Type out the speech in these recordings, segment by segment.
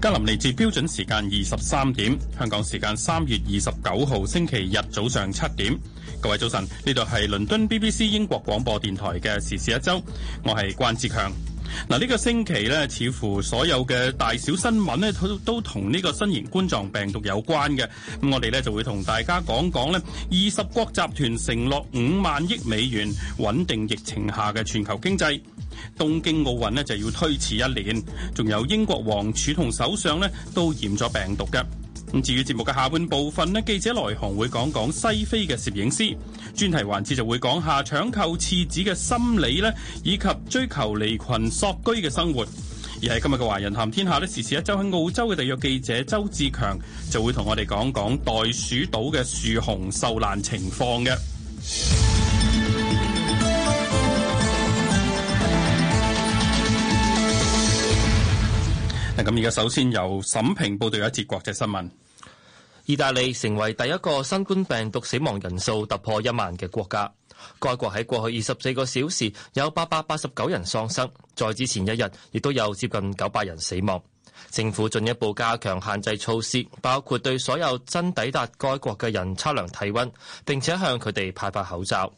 格林尼治標準時間二十三點，香港時間三月二十九號星期日早上七點。各位早晨，呢度係倫敦 BBC 英國廣播電台嘅時事一周。我係關志強。嗱，呢個星期咧，似乎所有嘅大小新聞咧，都都同呢個新型冠狀病毒有關嘅。咁、嗯、我哋咧就會同大家講講咧，二十國集團承諾五萬億美元穩定疫情下嘅全球經濟。東京奧運咧就要推遲一年，仲有英國王儲同首相咧都染咗病毒嘅。咁至於節目嘅下半部分咧，記者來航會講講西非嘅攝影師，專題環節就會講下搶購廁紙嘅心理咧，以及追求離群索居嘅生活。而喺今日嘅華人談天下咧，時事一周喺澳洲嘅地約記者周志強就會同我哋講講袋鼠島嘅樹熊受難情況嘅。咁而家首先由沈平報道一節國際新聞。意大利成為第一個新冠病毒死亡人數突破一萬嘅國家。該國喺過去二十四個小時有八百八十九人喪生，在之前一日亦都有接近九百人死亡。政府進一步加強限制措施，包括對所有真抵達該國嘅人測量體溫，並且向佢哋派發口罩。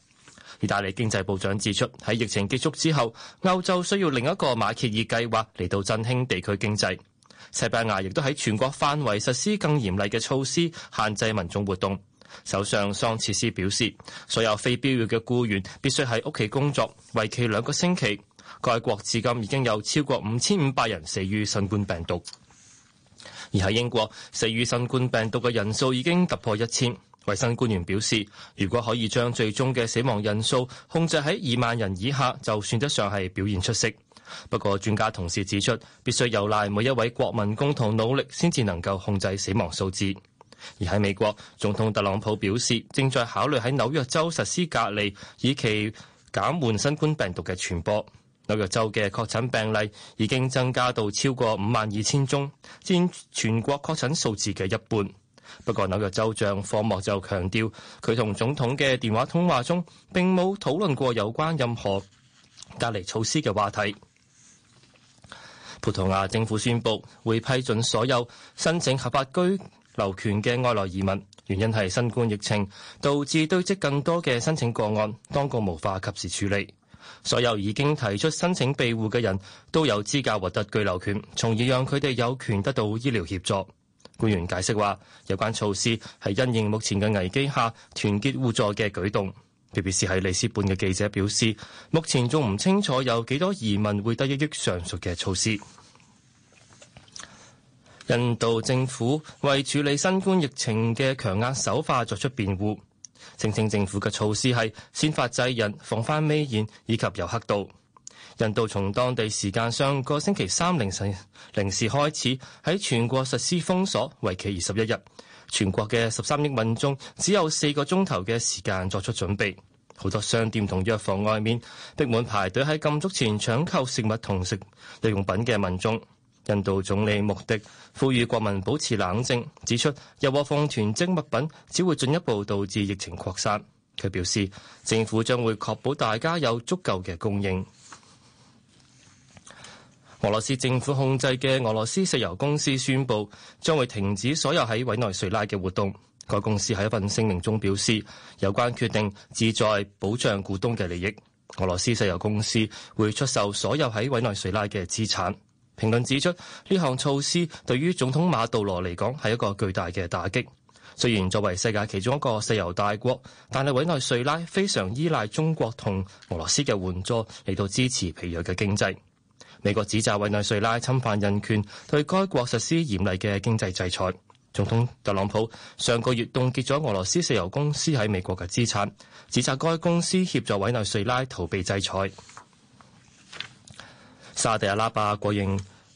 意大利經濟部長指出，喺疫情結束之後，歐洲需要另一個馬歇爾計劃嚟到振興地區經濟。西班牙亦都喺全國範圍實施更嚴厲嘅措施，限制民眾活動。首相桑切斯表示，所有非必要嘅僱員必須喺屋企工作，為期兩個星期。該國至今已經有超過五千五百人死於新冠病毒。而喺英國，死於新冠病毒嘅人數已經突破一千。衛生官員表示，如果可以將最終嘅死亡人數控制喺二萬人以下，就算得上係表現出色。不過，專家同時指出，必須有賴每一位國民共同努力，先至能夠控制死亡數字。而喺美國，總統特朗普表示，正在考慮喺紐約州實施隔離，以期減緩新冠病毒嘅傳播。紐約州嘅確診病例已經增加到超過五萬二千宗，佔全國確診數字嘅一半。不過紐約州長科莫就強調，佢同總統嘅電話通話中並冇討論過有關任何隔離措施嘅話題。葡萄牙政府宣布會批准所有申請合法居留權嘅外來移民，原因係新冠疫情導致堆積更多嘅申請個案，當局無法及時處理。所有已經提出申請庇護嘅人都有資格獲得居留權，從而讓佢哋有權得到醫療協助。官員解釋話，有關措施係因應目前嘅危機下團結互助嘅舉動。特別是喺利斯本嘅記者表示，目前仲唔清楚有幾多移民會得益於上述嘅措施。印度政府為處理新冠疫情嘅強硬手法作出辯護，聲稱政府嘅措施係先發制人、防範未然以及遊客度。印度從當地時間上個星期三凌晨零時開始喺全國實施封鎖，為期二十一日。全國嘅十三億民眾只有四個鐘頭嘅時間作出準備。好多商店同藥房外面逼滿排隊喺禁足前搶購食物同食日用品嘅民眾。印度總理莫迪呼籲國民保持冷靜，指出又或放囤積物品，只會進一步導致疫情擴散。佢表示，政府將會確保大家有足夠嘅供應。俄羅斯政府控制嘅俄羅斯石油公司宣布，將會停止所有喺委內瑞拉嘅活動。該公司喺一份聲明中表示，有關決定旨在保障股東嘅利益。俄羅斯石油公司會出售所有喺委內瑞拉嘅資產。評論指出，呢項措施對於總統馬杜羅嚟講係一個巨大嘅打擊。雖然作為世界其中一個石油大國，但係委內瑞拉非常依賴中國同俄羅斯嘅援助嚟到支持疲弱嘅經濟。美國指責委內瑞拉侵犯人權，對該國實施嚴厲嘅經濟制裁。總統特朗普上個月凍結咗俄羅斯石油公司喺美國嘅資產，指責該公司協助委內瑞拉逃避制裁。沙地阿拉伯國營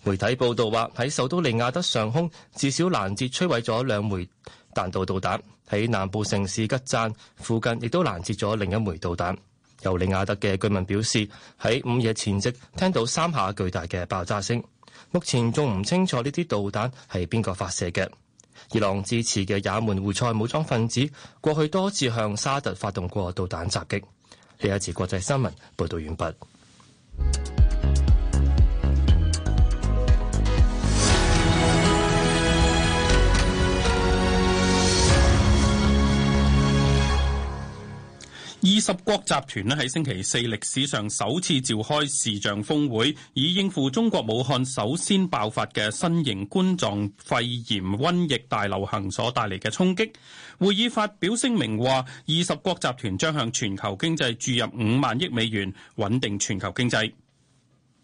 媒體報道話，喺首都利亞德上空至少攔截摧毀咗兩枚彈道導彈，喺南部城市吉贊附近亦都攔截咗另一枚導彈。尤利亞德嘅居民表示，喺午夜前夕聽到三下巨大嘅爆炸聲，目前仲唔清楚呢啲導彈係邊個發射嘅。伊朗支持嘅也門胡塞武裝分子過去多次向沙特發動過導彈襲擊，呢一次國際新聞報道完畢。二十國集團呢喺星期四歷史上首次召開視像峰會，以應付中國武漢首先爆發嘅新型冠狀肺炎瘟疫大流行所帶嚟嘅衝擊。會議發表聲明話，二十國集團將向全球經濟注入五萬億美元，穩定全球經濟。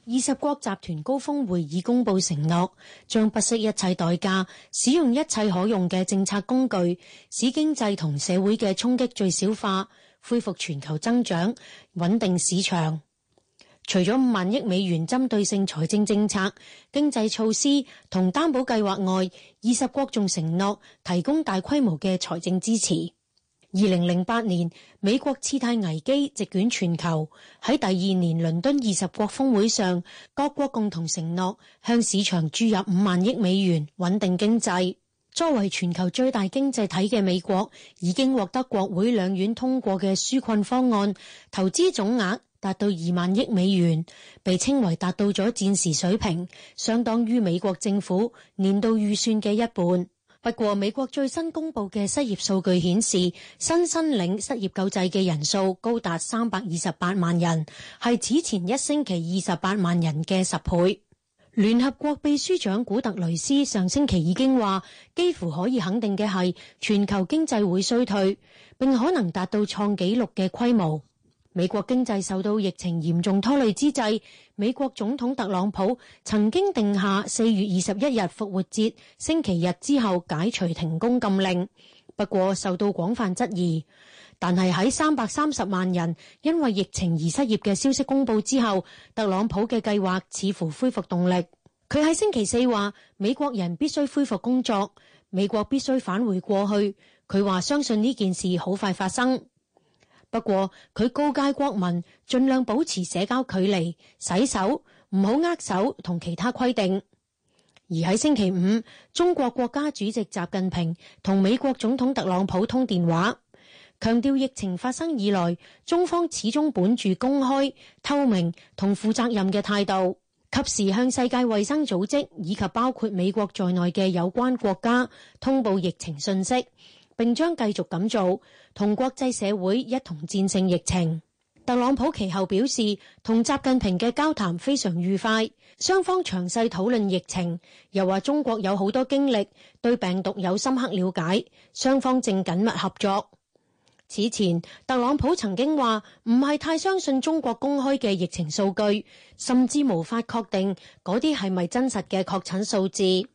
二十國集團高峰會議公布承諾，將不惜一切代價，使用一切可用嘅政策工具，使經濟同社會嘅衝擊最小化。恢復全球增長，穩定市場。除咗五萬億美元針對性財政政策、經濟措施同擔保計劃外，二十國仲承諾提供大規模嘅財政支持。二零零八年美國次貸危機席捲全球，喺第二年倫敦二十國峰會上，各國共同承諾向市場注入五萬億美元，穩定經濟。作為全球最大經濟體嘅美國，已經獲得國會兩院通過嘅紓困方案，投資總額達到二萬億美元，被稱為達到咗戰時水平，相當於美國政府年度預算嘅一半。不過，美國最新公布嘅失業數據顯示，新申領失業救濟嘅人數高達三百二十八萬人，係此前一星期二十八萬人嘅十倍。聯合國秘書長古特雷斯上星期已經話，幾乎可以肯定嘅係，全球經濟會衰退，並可能達到創紀錄嘅規模。美國經濟受到疫情嚴重拖累之際，美國總統特朗普曾經定下四月二十一日復活節星期日之後解除停工禁令，不過受到廣泛質疑。但係喺三百三十萬人因為疫情而失業嘅消息公布之後，特朗普嘅計劃似乎恢復動力。佢喺星期四話，美國人必須恢復工作，美國必須返回過去。佢話相信呢件事好快發生。不過佢告誡國民盡量保持社交距離、洗手，唔好握手，同其他規定。而喺星期五，中國國家主席習近平同美國總統特朗普通電話。強調疫情發生以來，中方始終本住公開、透明同負責任嘅態度，及時向世界衛生組織以及包括美國在內嘅有關國家通報疫情信息，並將繼續咁做，同國際社會一同戰勝疫情。特朗普其後表示，同習近平嘅交談非常愉快，雙方詳細討論疫情，又話中國有好多經歷，對病毒有深刻了解，雙方正緊密合作。此前，特朗普曾經話唔係太相信中國公開嘅疫情數據，甚至無法確定嗰啲係咪真實嘅確診數字。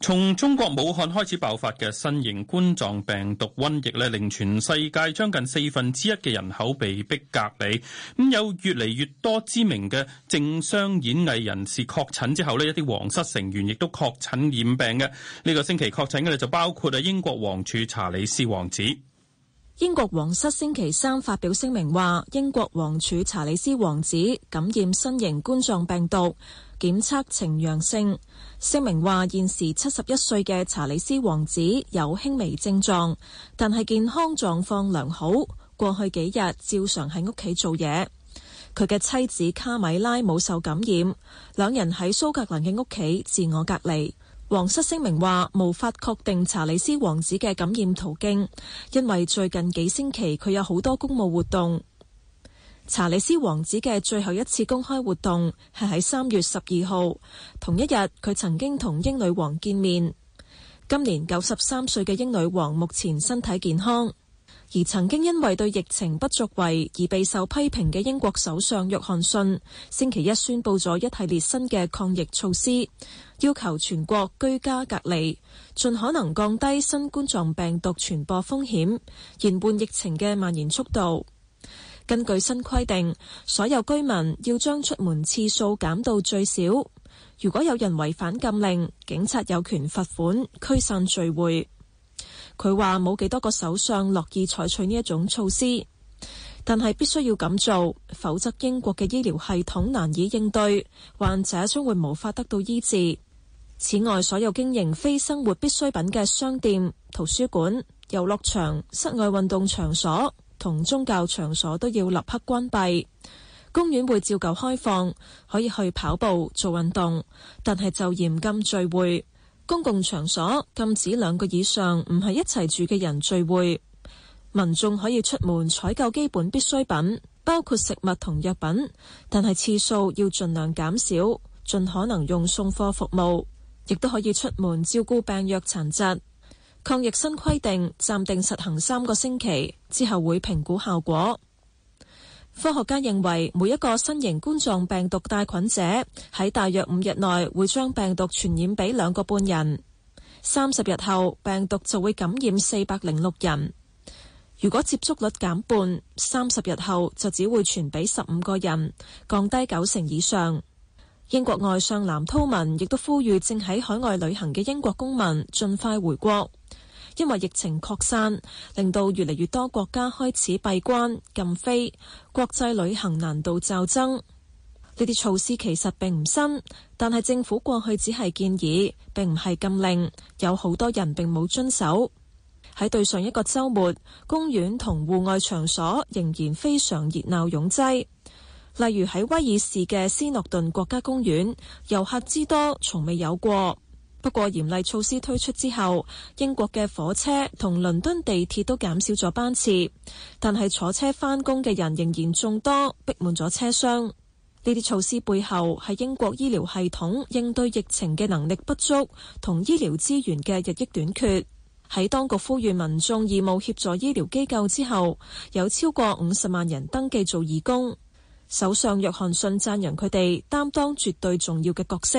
從中國武漢開始爆發嘅新型冠狀病毒瘟疫咧，令全世界將近四分之一嘅人口被逼隔離。咁有越嚟越多知名嘅政商演藝人士確診之後呢，一啲皇室成員亦都確診染病嘅。呢、這個星期確診嘅就包括英國王儲查理斯王子。英國皇室星期三發表聲明話，英國王儲查理斯王子感染新型冠狀病毒，檢測呈陽性。聲明話，現時七十一歲嘅查理斯王子有輕微症狀，但係健康狀況良好，過去幾日照常喺屋企做嘢。佢嘅妻子卡米拉冇受感染，兩人喺蘇格蘭嘅屋企自我隔離。王室聲明話，無法確定查理斯王子嘅感染途徑，因為最近幾星期佢有好多公務活動。查理斯王子嘅最後一次公開活動係喺三月十二號，同一日佢曾經同英女王見面。今年九十三歲嘅英女王目前身體健康。而曾經因為對疫情不作為而備受批評嘅英國首相約翰遜，星期一宣布咗一系列新嘅抗疫措施，要求全國居家隔離，盡可能降低新冠狀病毒傳播風險，延緩疫情嘅蔓延速度。根據新規定，所有居民要將出門次數減到最少。如果有人違反禁令，警察有權罰款、驅散聚會。佢話冇幾多個首相樂意採取呢一種措施，但係必須要咁做，否則英國嘅醫療系統難以應對，患者將會無法得到醫治。此外，所有經營非生活必需品嘅商店、圖書館、遊樂場、室外運動場所同宗教場所都要立刻關閉。公園會照舊開放，可以去跑步做運動，但係就嚴禁聚會。公共場所禁止兩個以上唔係一齊住嘅人聚會。民眾可以出門採購基本必需品，包括食物同藥品，但係次數要盡量減少，盡可能用送貨服務。亦都可以出門照顧病弱殘疾。抗疫新規定暫定實行三個星期，之後會評估效果。科學家認為，每一個新型冠狀病毒帶菌者喺大約五日內會將病毒傳染俾兩個半人，三十日後病毒就會感染四百零六人。如果接觸率減半，三十日後就只會傳俾十五個人，降低九成以上。英國外相藍韜文亦都呼籲正喺海外旅行嘅英國公民盡快回國。因為疫情擴散，令到越嚟越多國家開始閉關禁飛，國際旅行難度驟增。呢啲措施其實並唔新，但係政府過去只係建議，並唔係禁令，有好多人並冇遵守。喺對上一個周末，公園同戶外場所仍然非常熱鬧擁擠，例如喺威爾士嘅斯諾頓國家公園，遊客之多從未有過。不過嚴厲措施推出之後，英國嘅火車同倫敦地鐵都減少咗班次，但係坐車返工嘅人仍然眾多，逼滿咗車廂。呢啲措施背後係英國醫療系統應對疫情嘅能力不足同醫療資源嘅日益短缺。喺當局呼籲民眾義務協助醫療機構之後，有超過五十萬人登記做義工。首相約翰遜讚揚佢哋擔當絕對重要嘅角色。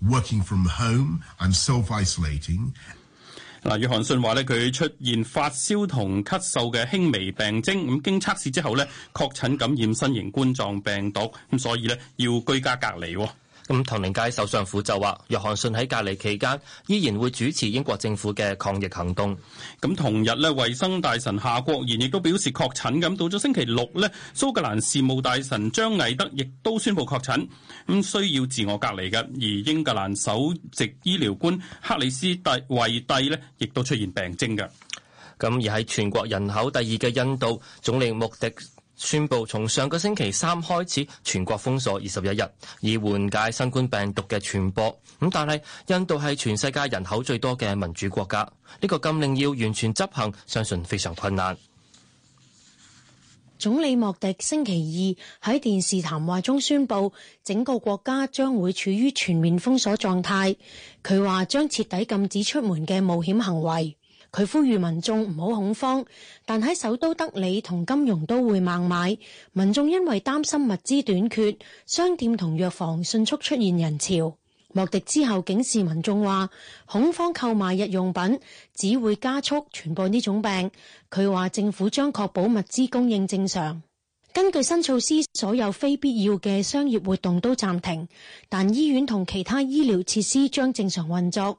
working from home，I'm self-isolating。嗱，約翰遜話咧，佢出現發燒同咳嗽嘅輕微病徵，咁經測試之後咧，確診感染新型冠狀病毒，咁所以咧要居家隔離。咁唐寧街首相府就話，約翰遜喺隔離期間依然會主持英國政府嘅抗疫行動。咁同日咧，衛生大臣夏國賢亦都表示確診。咁到咗星期六咧，蘇格蘭事務大臣張藝德亦都宣布確診，咁需要自我隔離嘅。而英格蘭首席醫療官克里斯蒂惠蒂咧，亦都出現病徵噶，咁而喺全國人口第二嘅印度，總理穆迪。宣布從上個星期三開始全國封鎖二十一日，以緩解新冠病毒嘅傳播。咁但係印度係全世界人口最多嘅民主國家，呢個禁令要完全執行，相信非常困難。總理莫迪星期二喺電視談話中宣布，整個國家將會處於全面封鎖狀態。佢話將徹底禁止出門嘅冒險行為。佢呼籲民眾唔好恐慌，但喺首都德里同金融都會孟買，民眾因為擔心物資短缺，商店同藥房迅速出現人潮。莫迪之後警示民眾話，恐慌購買日用品只會加速傳播呢種病。佢話政府將確保物資供應正常。根據新措施，所有非必要嘅商業活動都暫停，但醫院同其他醫療設施將正常運作。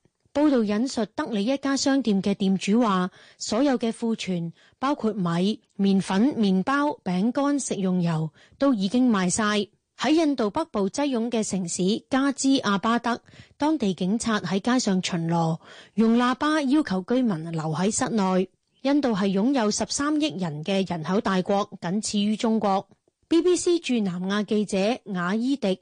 報道引述德里一家商店嘅店主話，所有嘅庫存包括米、麵粉、麵包、餅乾、食用油都已經賣晒。喺印度北部擠擁嘅城市加茲阿巴德，當地警察喺街上巡邏，用喇叭要求居民留喺室內。印度係擁有十三億人嘅人口大國，僅次於中國。BBC 駐南亞記者瓦伊迪。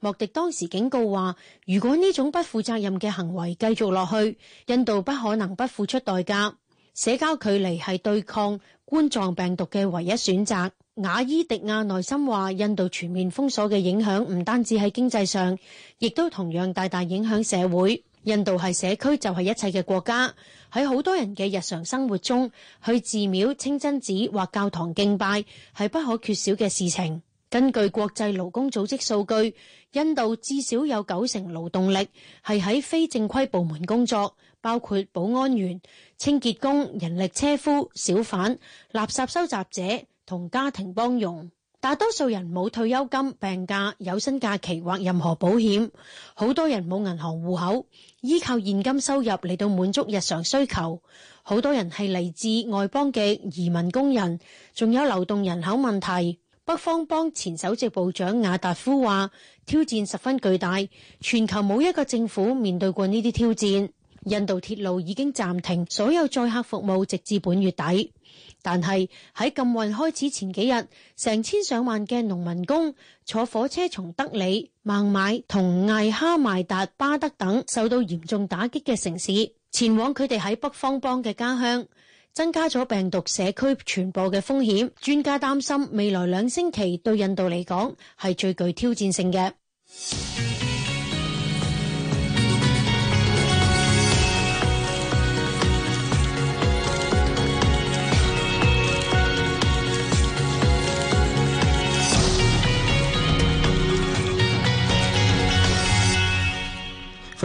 莫迪當時警告話，如果呢種不負責任嘅行為繼續落去，印度不可能不付出代價。社交距離係對抗冠狀病毒嘅唯一選擇。瓦伊迪亞內心話，印度全面封鎖嘅影響唔單止喺經濟上，亦都同樣大大影響社會。印度係社區就係一切嘅國家，喺好多人嘅日常生活中，去寺廟、清真寺或教堂敬拜係不可缺少嘅事情。根據國際勞工組織數據，印度至少有九成勞動力係喺非正規部門工作，包括保安員、清潔工、人力車夫、小販、垃圾收集者同家庭幫傭。大多數人冇退休金、病假、有薪假期或任何保險，好多人冇銀行戶口，依靠現金收入嚟到滿足日常需求。好多人係嚟自外邦嘅移民工人，仲有流動人口問題。北方邦前首席部長瓦達夫話：挑戰十分巨大，全球冇一個政府面對過呢啲挑戰。印度鐵路已經暫停所有載客服務，直至本月底。但係喺禁運開始前幾日，成千上萬嘅農民工坐火車從德里、孟買同艾哈邁達巴德等受到嚴重打擊嘅城市前往佢哋喺北方邦嘅家鄉。增加咗病毒社區傳播嘅風險，專家擔心未來兩星期對印度嚟講係最具挑戰性嘅。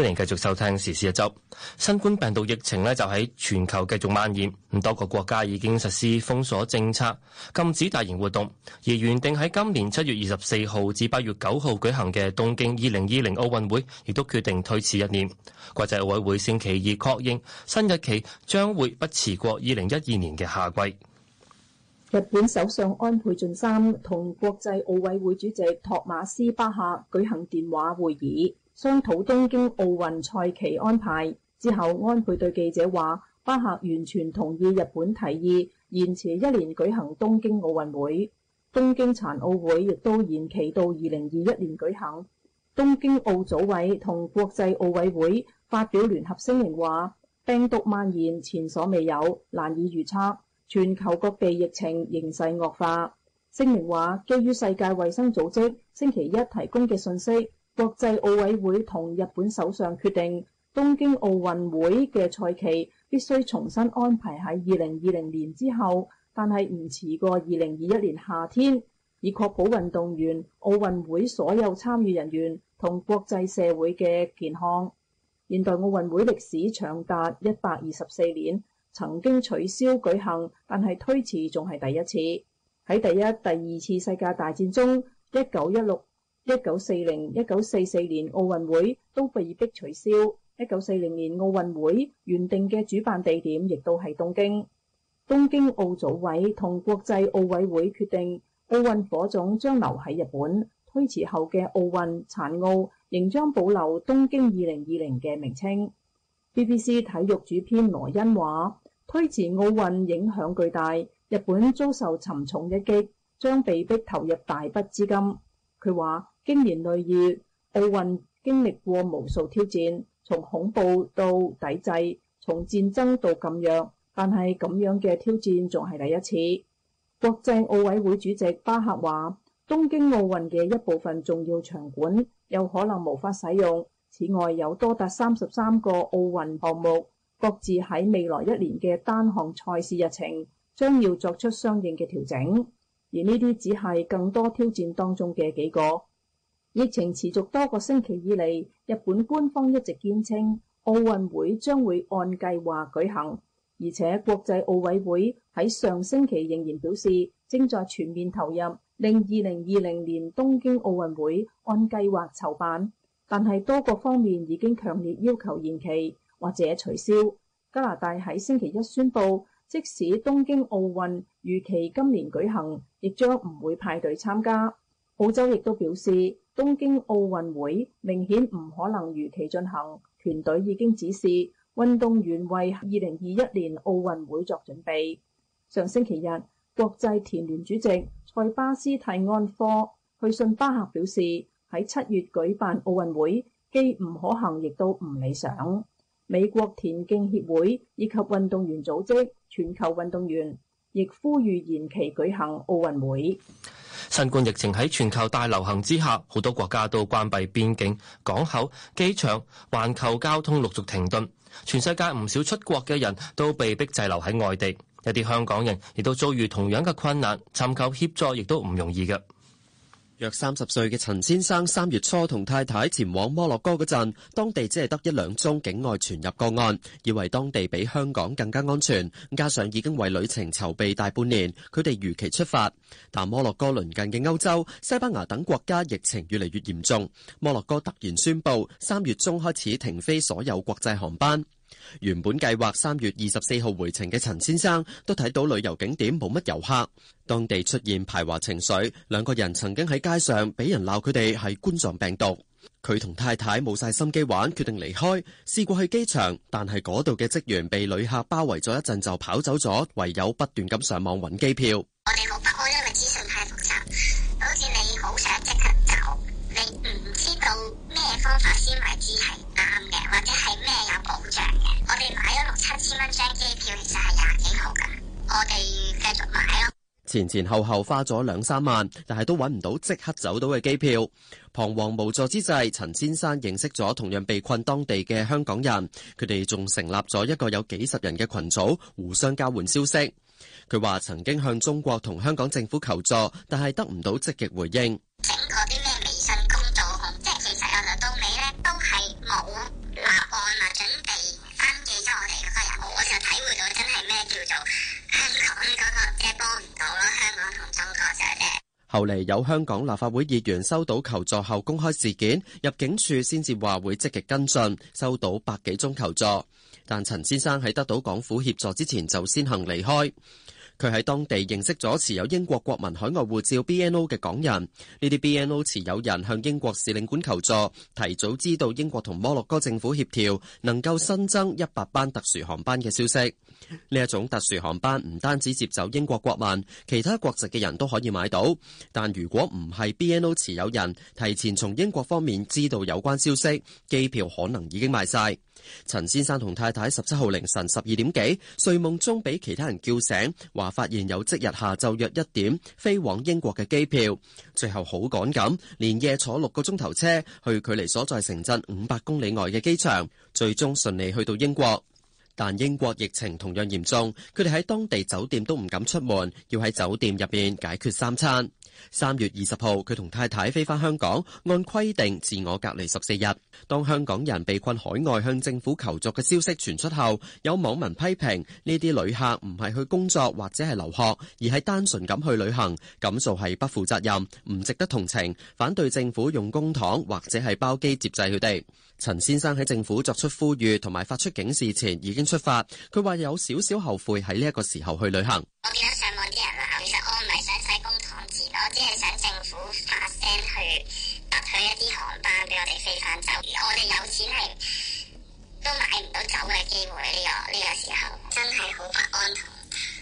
歡迎繼續收聽時事一周，新冠病毒疫情咧就喺全球繼續蔓延，咁多個國家已經實施封鎖政策，禁止大型活動，而原定喺今年七月二十四號至八月九號舉行嘅東京二零二零奧運會，亦都決定推遲一年。國際奧委會星期二確認新日期將會不遲過二零一二年嘅夏季。日本首相安倍晉三同國際奧委會主席托馬斯巴夏舉行電話會議。商討東京奧運賽期安排之後，安倍對記者話：巴赫完全同意日本提議延遲一年舉行東京奧運會，東京殘奧會亦都延期到二零二一年舉行。東京奧組委同國際奧委會發表聯合聲明話：病毒蔓延前所未有，難以預測，全球各地疫情形勢惡化。聲明話：基於世界衛生組織星期一提供嘅信息。國際奧委會同日本首相決定，東京奧運會嘅賽期必須重新安排喺二零二零年之後，但係唔遲過二零二一年夏天，以確保運動員、奧運會所有參與人員同國際社會嘅健康。現代奧運會歷史長達一百二十四年，曾經取消舉行，但係推遲仲係第一次。喺第一、第二次世界大戰中，一九一六、一九四零、一九四四年奧運會都被迫取消。一九四零年奧運會原定嘅主辦地點亦都係東京。東京奧組委同國際奧委會決定奧運火種將留喺日本，推遲後嘅奧運殘奧仍將保留東京二零二零嘅名稱。BBC 體育主編羅恩話：推遲奧運影響巨大，日本遭受沉重一擊，將被迫投入大筆資金。佢話。經年累月，奧運經歷過無數挑戰，從恐怖到抵制，從戰爭到禁藥，但係咁樣嘅挑戰仲係第一次。國際奧委會主席巴赫話：東京奧運嘅一部分重要場館有可能無法使用。此外，有多達三十三個奧運項目，各自喺未來一年嘅單項賽事日程將要作出相應嘅調整。而呢啲只係更多挑戰當中嘅幾個。疫情持續多個星期以嚟，日本官方一直堅稱奧運會將會按計劃舉行，而且國際奧委會喺上星期仍然表示正在全面投入，令二零二零年東京奧運會按計劃籌辦。但係多個方面已經強烈要求延期或者取消。加拿大喺星期一宣布，即使東京奧運預期今年舉行，亦將唔會派隊參加。澳洲亦都表示，東京奧運會明顯唔可能如期進行，團隊已經指示運動員為二零二一年奧運會作準備。上星期日，國際田聯主席塞巴斯蒂安科去信巴赫表示，喺七月舉辦奧運會既唔可行，亦都唔理想。美國田徑協會以及運動員組織全球運動員亦呼籲延期舉行奧運會。新冠疫情喺全球大流行之下，好多國家都關閉邊境、港口、機場，環球交通陸續停頓，全世界唔少出國嘅人都被迫滯留喺外地，一啲香港人亦都遭遇同樣嘅困難，尋求協助亦都唔容易嘅。約三十歲嘅陳先生三月初同太太前往摩洛哥嗰陣，當地只係得一兩宗境外傳入個案，以為當地比香港更加安全。加上已經為旅程籌備大半年，佢哋如期出發。但摩洛哥鄰近嘅歐洲、西班牙等國家疫情越嚟越嚴重，摩洛哥突然宣布三月中開始停飛所有國際航班。原本計劃三月二十四號回程嘅陳先生，都睇到旅遊景點冇乜遊客，當地出現排華情緒，兩個人曾經喺街上俾人鬧，佢哋係冠狀病毒。佢同太太冇晒心機玩，決定離開。試過去機場，但係嗰度嘅職員被旅客包圍咗一陣就跑走咗，唯有不斷咁上網揾機票。我哋好不安，因為資訊太複雜，好似你好想即刻走，你唔知道咩方法先為之係啱嘅，或者係咩有保障。買咗六七千蚊張機票，其實係廿幾號噶。我哋繼續買咯。前前後後花咗兩三萬，但係都搵唔到即刻走到嘅機票。彷徨無助之際，陳先生認識咗同樣被困當地嘅香港人，佢哋仲成立咗一個有幾十人嘅群組，互相交換消息。佢話曾經向中國同香港政府求助，但係得唔到積極回應。後嚟有香港立法會議員收到求助後公開事件，入境處先至話會積極跟進，收到百幾宗求助，但陳先生喺得到港府協助之前就先行離開。佢喺當地認識咗持有英國國民海外護照 BNO 嘅港人，呢啲 BNO 持有人向英國使領館求助，提早知道英國同摩洛哥政府協調能夠新增一百班特殊航班嘅消息。呢一種特殊航班唔單止接走英國國民，其他國籍嘅人都可以買到。但如果唔係 BNO 持有人，提前從英國方面知道有關消息，機票可能已經賣晒。陳先生同太太十七號凌晨十二點幾睡夢中俾其他人叫醒，話，發現有即日下晝約一點飛往英國嘅機票，最後好趕咁，連夜坐六個鐘頭車去距離所在城鎮五百公里外嘅機場，最終順利去到英國。但英國疫情同樣嚴重，佢哋喺當地酒店都唔敢出門，要喺酒店入邊解決三餐。三月二十號，佢同太太飛返香港，按規定自我隔離十四日。當香港人被困海外向政府求助嘅消息傳出後，有網民批評呢啲旅客唔係去工作或者係留學，而係單純咁去旅行，咁就係不負責任，唔值得同情，反對政府用公帑或者係包機接濟佢哋。陳先生喺政府作出呼籲同埋發出警示前已經出發，佢話有少少後悔喺呢一個時候去旅行。我見到上網啲人鬧，其實我唔係想洗公帑錢，我只係想政府發聲去特許一啲航班俾我哋飛翻走我哋有錢係都買唔到走嘅機會呢、呢個呢、呢個時候，真係好不安同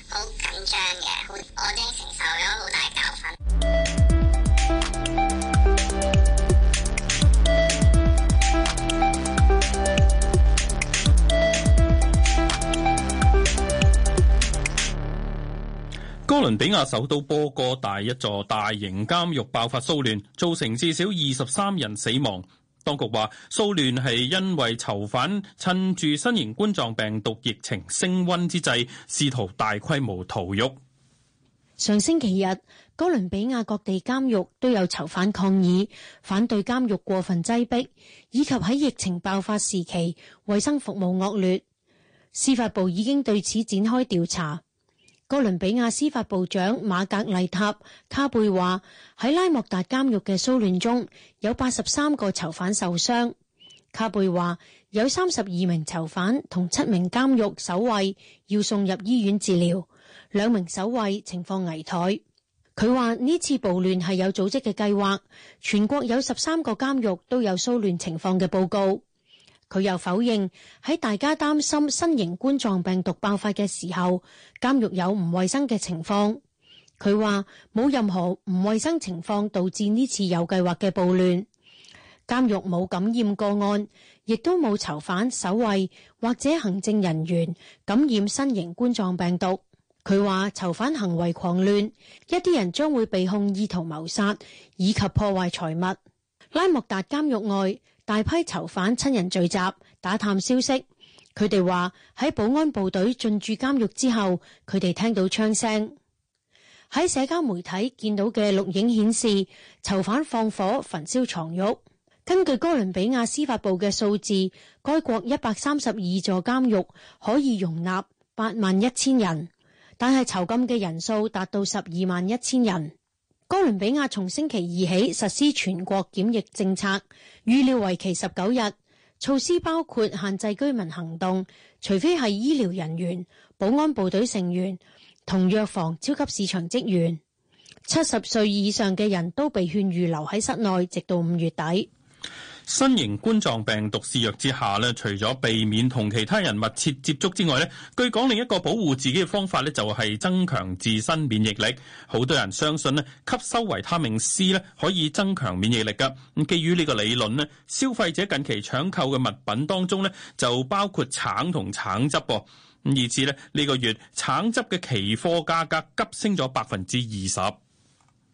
好緊張嘅。好我已經承受咗好大教訓。哥倫比亞首都波哥大一座大型監獄爆發騷亂，造成至少二十三人死亡。當局話騷亂係因為囚犯趁住新型冠狀病毒疫情升溫之際，試圖大規模逃獄。上星期日，哥倫比亞各地監獄都有囚犯抗議，反對監獄過分擠逼，以及喺疫情爆發時期，衛生服務惡劣。司法部已經對此展開調查。哥倫比亞司法部長馬格麗塔卡貝話喺拉莫達監獄嘅騷亂中有八十三個囚犯受傷。卡貝話有三十二名囚犯同七名監獄守衛要送入醫院治療，兩名守衛情況危殆。佢話呢次暴亂係有組織嘅計劃，全國有十三個監獄都有騷亂情況嘅報告。佢又否認喺大家擔心新型冠狀病毒爆發嘅時候，監獄有唔衛生嘅情況。佢話冇任何唔衛生情況導致呢次有計劃嘅暴亂，監獄冇感染個案，亦都冇囚犯、守衛或者行政人員感染新型冠狀病毒。佢話囚犯行為狂亂，一啲人將會被控意圖謀殺以及破壞財物。拉莫達監獄外。大批囚犯親人聚集打探消息，佢哋話喺保安部隊進駐監獄之後，佢哋聽到槍聲。喺社交媒體見到嘅錄影顯示，囚犯放火焚燒床褥。根據哥倫比亞司法部嘅數字，該國一百三十二座監獄可以容納八萬一千人，但係囚禁嘅人數達到十二萬一千人。哥倫比亞從星期二起實施全國檢疫政策，預料為期十九日。措施包括限制居民行動，除非係醫療人員、保安部隊成員同藥房、超級市場職員。七十歲以上嘅人都被勸喻留喺室內，直到五月底。新型冠狀病毒肆虐之下咧，除咗避免同其他人密切接觸之外咧，據講另一個保護自己嘅方法咧，就係增強自身免疫力。好多人相信咧，吸收維他命 C 咧可以增強免疫力嘅。咁基於呢個理論咧，消費者近期搶購嘅物品當中咧，就包括橙同橙汁噃。咁因此咧，呢、這個月橙汁嘅期貨價格急升咗百分之二十。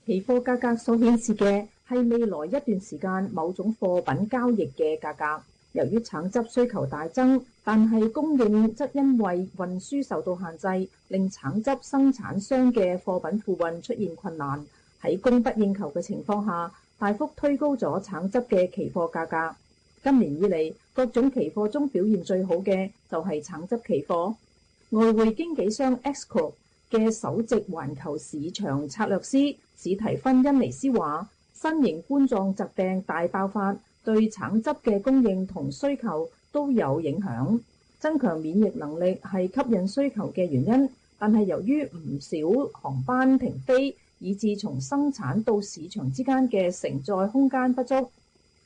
期貨價格所顯示嘅，係未來一段時間某種貨品交易嘅價格，由於橙汁需求大增，但係供應則因為運輸受到限制，令橙汁生產商嘅貨品附運出現困難。喺供不應求嘅情況下，大幅推高咗橙汁嘅期貨價格。今年以嚟，各種期貨中表現最好嘅就係橙汁期貨。外匯經紀商 Exco 嘅首席環球市場策略師史提芬·恩尼斯話。新型冠狀疾病大爆發，對橙汁嘅供應同需求都有影響。增強免疫能力係吸引需求嘅原因，但係由於唔少航班停飛，以致從生產到市場之間嘅承載空間不足。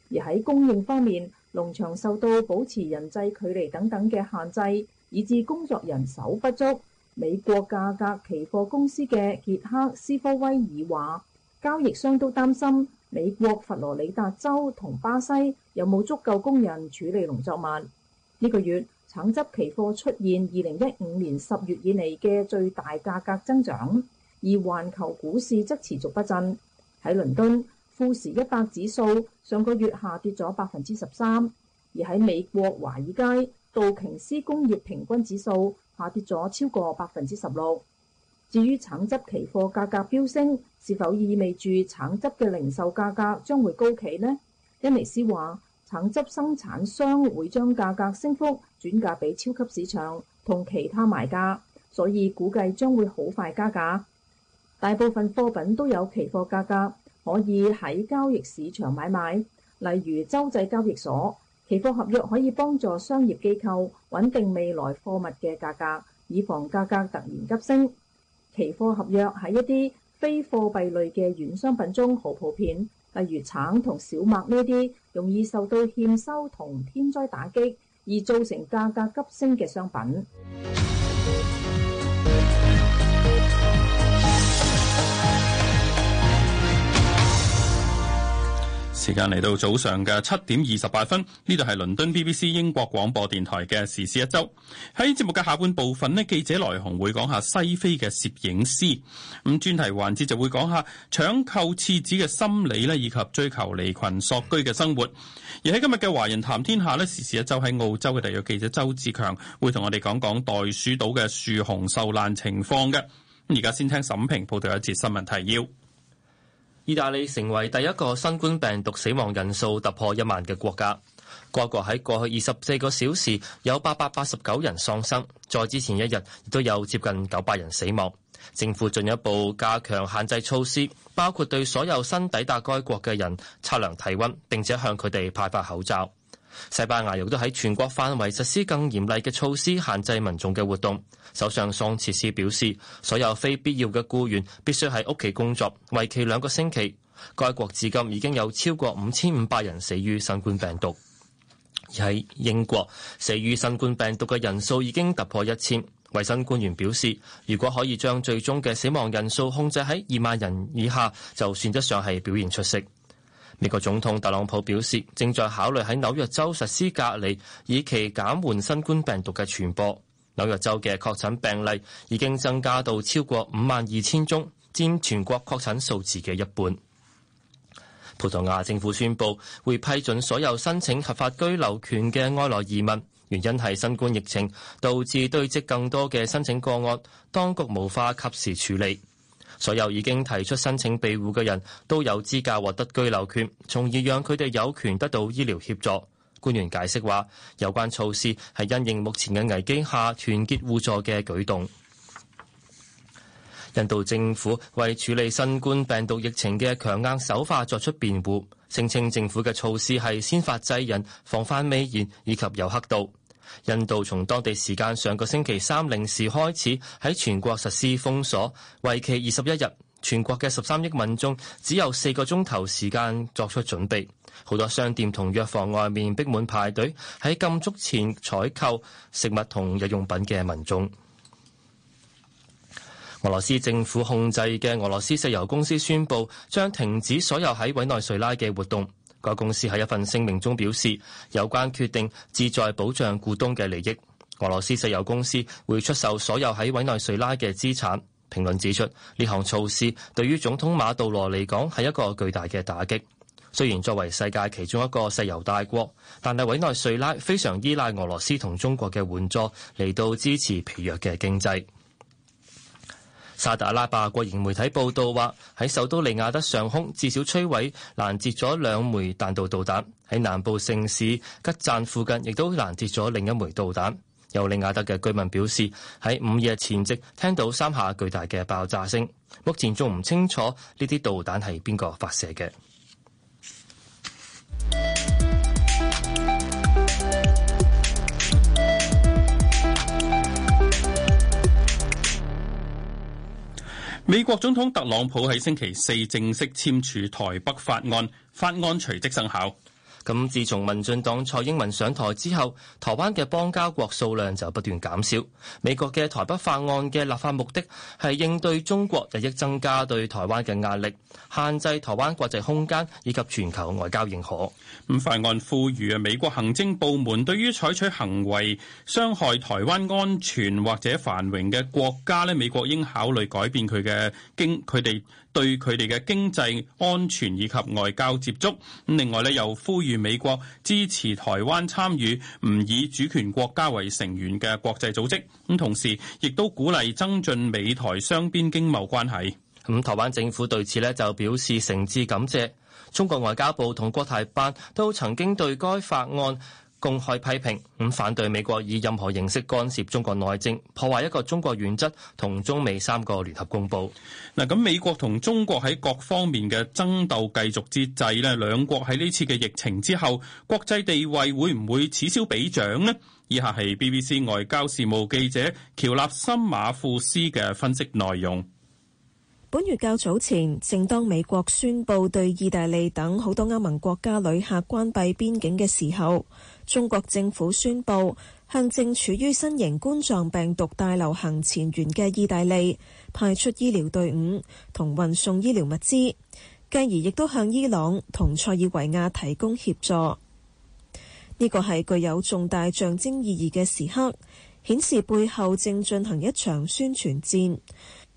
而喺供應方面，農場受到保持人際距離等等嘅限制，以致工作人手不足。美國價格期貨公司嘅傑克斯科威爾話。交易商都擔心美國佛羅里達州同巴西有冇足夠工人處理農作物。呢、這個月橙汁期貨出現二零一五年十月以嚟嘅最大價格增長，而環球股市則持續不振。喺倫敦，富時一百指數上個月下跌咗百分之十三，而喺美國華爾街，道瓊斯工業平均指數下跌咗超過百分之十六。至於橙汁期貨價格飆升，是否意味住橙汁嘅零售價格將會高企呢？恩尼斯話：橙汁生產商會將價格升幅轉嫁俾超級市場同其他買家，所以估計將會好快加價。大部分貨品都有期貨價格，可以喺交易市場買賣，例如洲際交易所期貨合約，可以幫助商業機構穩定未來貨物嘅價格，以防價格突然急升。期貨合約喺一啲非貨幣類嘅軟商品中好普遍，例如橙同小麥呢啲容易受到欠收同天災打擊而造成價格急升嘅商品。時間嚟到早上嘅七點二十八分，呢度係倫敦 BBC 英國廣播電台嘅時事一周。喺節目嘅下半部分呢，記者來鴻會講下西非嘅攝影師。咁專題環節就會講下搶購廁紙嘅心理咧，以及追求離群索居嘅生活。而喺今日嘅《華人談天下》呢，《時事一周》喺澳洲嘅特約記者周志強會同我哋講講袋鼠島嘅樹熊受難情況嘅。而家先聽沈平報道一節新聞提要。意大利成為第一個新冠病毒死亡人數突破一萬嘅國家。該國喺過去二十四個小時有八百八十九人喪生，再之前一日亦都有接近九百人死亡。政府進一步加強限制措施，包括對所有新抵達該國嘅人測量體溫，並且向佢哋派發口罩。西班牙亦都喺全國範圍實施更嚴厲嘅措施，限制民眾嘅活動。首相桑切斯表示，所有非必要嘅僱員必須喺屋企工作，為期兩個星期。該國至今已經有超過五千五百人死於新冠病毒。而喺英國，死於新冠病毒嘅人數已經突破一千。衛生官員表示，如果可以將最終嘅死亡人數控制喺二萬人以下，就算得上係表現出色。美國總統特朗普表示，正在考慮喺紐約州實施隔離，以期減緩新冠病毒嘅傳播。紐約州嘅確診病例已經增加到超過五萬二千宗，佔全國確診數字嘅一半。葡萄牙政府宣布會批準所有申請合法居留權嘅外來移民，原因係新冠疫情導致堆積更多嘅申請個案，當局無法及時處理。所有已經提出申請庇護嘅人都有資格獲得居留權，從而讓佢哋有權得到醫療協助。官員解釋話，有關措施係因應目前嘅危機下團結互助嘅舉動。印度政府為處理新冠病毒疫情嘅強硬手法作出辯護，聲稱政府嘅措施係先發制人、防範未然以及有客度。印度從當地時間上個星期三零時開始喺全國實施封鎖，為期二十一日。全國嘅十三億民眾只有四個鐘頭時，時間作出準備。好多商店同藥房外面逼滿排隊，喺禁足前採購食物同日用品嘅民眾。俄羅斯政府控制嘅俄羅斯石油公司宣布，將停止所有喺委內瑞拉嘅活動。該公司喺一份聲明中表示，有關決定旨在保障股東嘅利益。俄羅斯石油公司會出售所有喺委內瑞拉嘅資產。評論指出，呢項措施對於總統馬杜羅嚟講，係一個巨大嘅打擊，雖然作為世界其中一個石油大國，但係委內瑞拉非常依賴俄羅斯同中國嘅援助嚟到支持疲弱嘅經濟。沙特阿拉伯國營媒體報道話，喺首都利雅德上空至少摧毀攔截咗兩枚彈道導彈，喺南部城市吉贊附近亦都攔截咗另一枚導彈。有利雅德嘅居民表示，喺午夜前夕聽到三下巨大嘅爆炸聲，目前仲唔清楚呢啲導彈係邊個發射嘅。美國總統特朗普喺星期四正式簽署台北法案，法案隨即生效。咁自從民進黨蔡英文上台之後，台灣嘅邦交國數量就不斷減少。美國嘅台北法案嘅立法目的係應對中國日益增加對台灣嘅壓力，限制台灣國際空間以及全球外交認可。咁法案呼籲啊，美國行政部門對於採取行為傷害台灣安全或者繁榮嘅國家咧，美國應考慮改變佢嘅經佢哋。對佢哋嘅經濟安全以及外交接觸，另外咧又呼籲美國支持台灣參與唔以主權國家為成員嘅國際組織，咁同時亦都鼓勵增進美台雙邊經貿關係。咁台灣政府對此咧就表示誠摯感謝。中國外交部同國台辦都曾經對該法案，公開批評，咁反對美國以任何形式干涉中國內政，破壞一個中國原則同中美三個聯合公報。嗱，咁美國同中國喺各方面嘅爭鬥繼續之際呢，兩國喺呢次嘅疫情之後，國際地位會唔會此消彼長呢？以下係 BBC 外交事務記者喬納森馬庫斯嘅分析內容。本月較早前，正當美國宣布對意大利等好多歐盟國家旅客關閉邊境嘅時候。中國政府宣布向正處於新型冠狀病毒大流行前沿嘅意大利派出醫療隊伍同運送醫療物資，繼而亦都向伊朗同塞爾維亞提供協助。呢個係具有重大象徵意義嘅時刻，顯示背後正進行一場宣傳戰。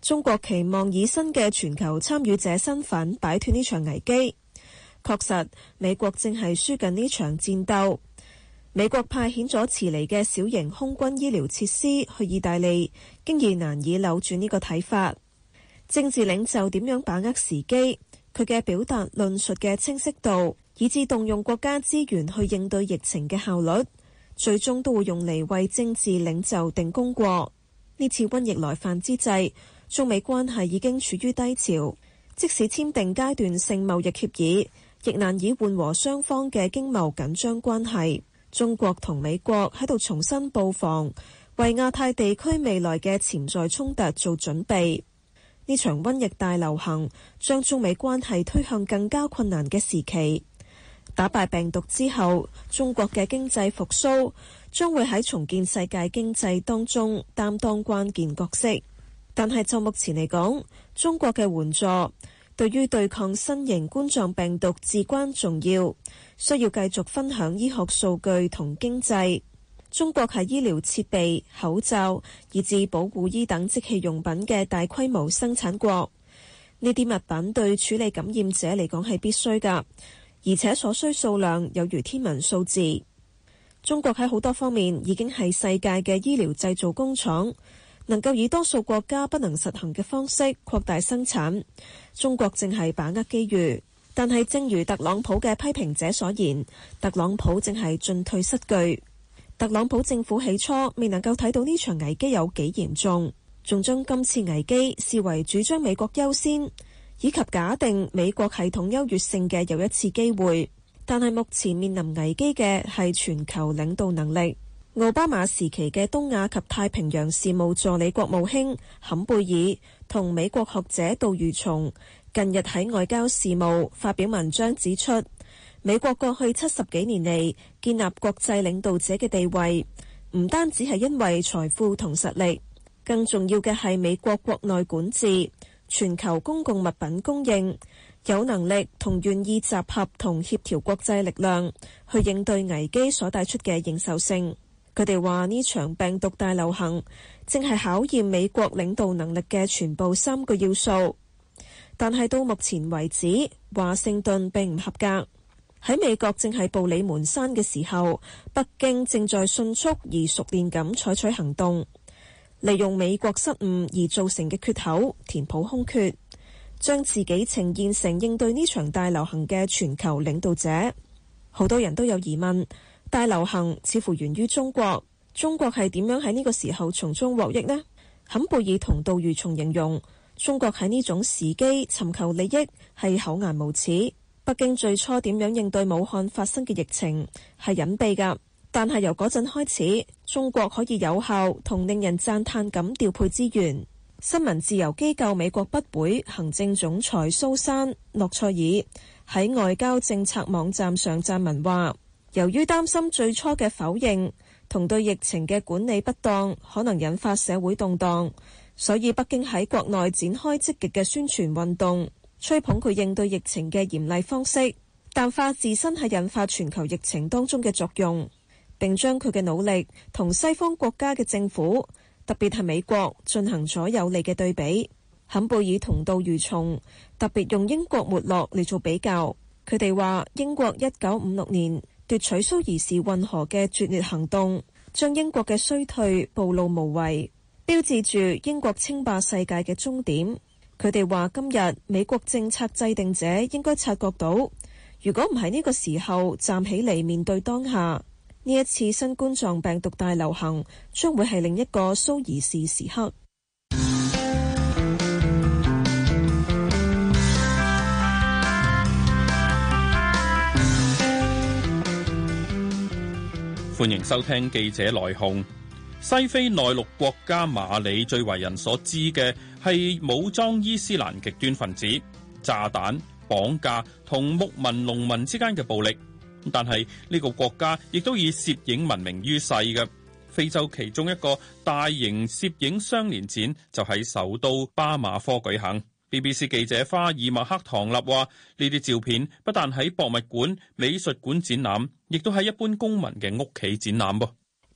中國期望以新嘅全球參與者身份擺脫呢場危機。確實，美國正係輸緊呢場戰鬥。美國派遣咗遲嚟嘅小型空軍醫療設施去意大利，經已難以扭轉呢個睇法。政治領袖點樣把握時機，佢嘅表達論述嘅清晰度，以致動用國家資源去應對疫情嘅效率，最終都會用嚟為政治領袖定功過。呢次瘟疫來犯之際，中美關係已經處於低潮，即使簽訂階段性貿易協議，亦難以緩和雙方嘅經貿緊張關係。中國同美國喺度重新布防，為亞太地區未來嘅潛在衝突做準備。呢場瘟疫大流行將中美關係推向更加困難嘅時期。打敗病毒之後，中國嘅經濟復甦將會喺重建世界經濟當中擔當關鍵角色。但係就目前嚟講，中國嘅援助對於對抗新型冠狀病毒至關重要。需要繼續分享醫學數據同經濟。中國係醫療設備、口罩以至保護衣等積器用品嘅大規模生產國。呢啲物品對處理感染者嚟講係必須㗎，而且所需數量有如天文數字。中國喺好多方面已經係世界嘅醫療製造工廠，能夠以多數國家不能實行嘅方式擴大生產。中國正係把握機遇。但係，正如特朗普嘅批評者所言，特朗普正係進退失據。特朗普政府起初未能夠睇到呢場危機有幾嚴重，仲將今次危機視為主張美國優先，以及假定美國系統優越性嘅又一次機會。但係目前面臨危機嘅係全球領導能力。奧巴馬時期嘅東亞及太平洋事務助理國務卿坎貝爾同美國學者杜如松。近日喺外交事務發表文章，指出美國過去七十幾年嚟建立國際領導者嘅地位，唔單止係因為財富同實力，更重要嘅係美國國內管治、全球公共物品供應，有能力同願意集合同協調國際力量去應對危機所帶出嘅認受性。佢哋話呢場病毒大流行正係考驗美國領導能力嘅全部三個要素。但係到目前為止，華盛頓並唔合格。喺美國正係步履蹣跚嘅時候，北京正在迅速而熟練咁採取行動，利用美國失誤而造成嘅缺口填補空缺，將自己呈現成應對呢場大流行嘅全球領導者。好多人都有疑問：大流行似乎源於中國，中國係點樣喺呢個時候從中獲益呢？坎貝爾同杜如松形容。中國喺呢種時機尋求利益係厚顏無恥。北京最初點樣應對武漢發生嘅疫情係隱秘噶，但係由嗰陣開始，中國可以有效同令人讚嘆咁調配資源。新聞自由機構美國筆會行政總裁蘇珊·諾塞爾喺外交政策網站上撰文話，由於擔心最初嘅否認同對疫情嘅管理不當可能引發社會動盪。所以，北京喺國內展開積極嘅宣傳運動，吹捧佢應對疫情嘅嚴厲方式，淡化自身喺引發全球疫情當中嘅作用，並將佢嘅努力同西方國家嘅政府，特別係美國進行咗有利嘅對比。肯貝爾同道如從特別用英國沒落嚟做比較，佢哋話英國一九五六年奪取蘇伊士運河嘅絕裂行動，將英國嘅衰退暴露無遺，標誌住英國稱霸世界嘅終點。佢哋話今日美國政策制定者應該察覺到，如果唔係呢個時候站起嚟面對當下呢一次新冠狀病毒大流行，將會係另一個蘇伊士時刻。歡迎收聽記者來鴻。西非內陸國家馬里最為人所知嘅係武裝伊斯蘭極端分子、炸彈、綁架同牧民農民之間嘅暴力。但係呢個國家亦都以攝影聞名於世嘅。非洲其中一個大型攝影雙年展就喺首都巴馬科舉行。BBC 記者花爾麥克唐納話：呢啲照片不但喺博物館、美術館展覽，亦都喺一般公民嘅屋企展覽噃。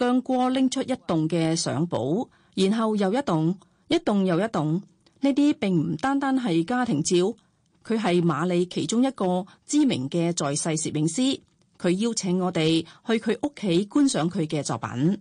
醬鍋拎出一棟嘅相簿，然後又一棟，一棟又一棟。呢啲並唔單單係家庭照，佢係馬里其中一個知名嘅在世攝影師。佢邀請我哋去佢屋企觀賞佢嘅作品。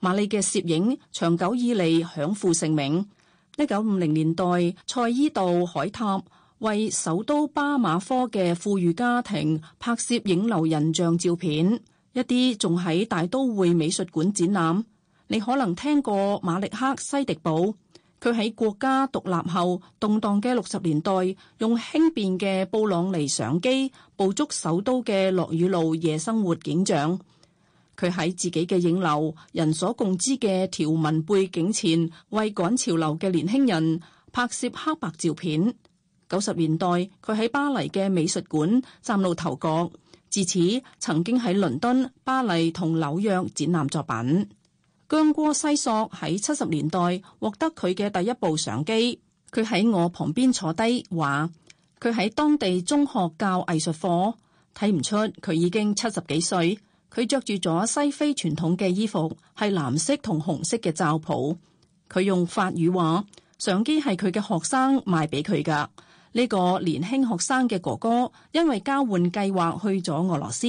馬里嘅攝影長久以嚟享負盛名。一九五零年代，賽依道海塔為首都巴馬科嘅富裕家庭拍攝影樓人像照片。一啲仲喺大都會美術館展覽，你可能聽過馬力克西迪堡，佢喺國家獨立後動盪嘅六十年代，用輕便嘅布朗尼相機捕捉首都嘅落雨路夜生活景象。佢喺自己嘅影樓，人所共知嘅條紋背景前，為趕潮流嘅年輕人拍攝黑白照片。九十年代，佢喺巴黎嘅美術館嶄露頭角。自此，曾經喺倫敦、巴黎同紐約展覽作品。姜哥西索喺七十年代獲得佢嘅第一部相機。佢喺我旁邊坐低，話佢喺當地中學教藝術課，睇唔出佢已經七十幾歲。佢着住咗西非傳統嘅衣服，係藍色同紅色嘅罩袍。佢用法語話，相機係佢嘅學生賣俾佢㗎。呢個年輕學生嘅哥哥因為交換計劃去咗俄羅斯，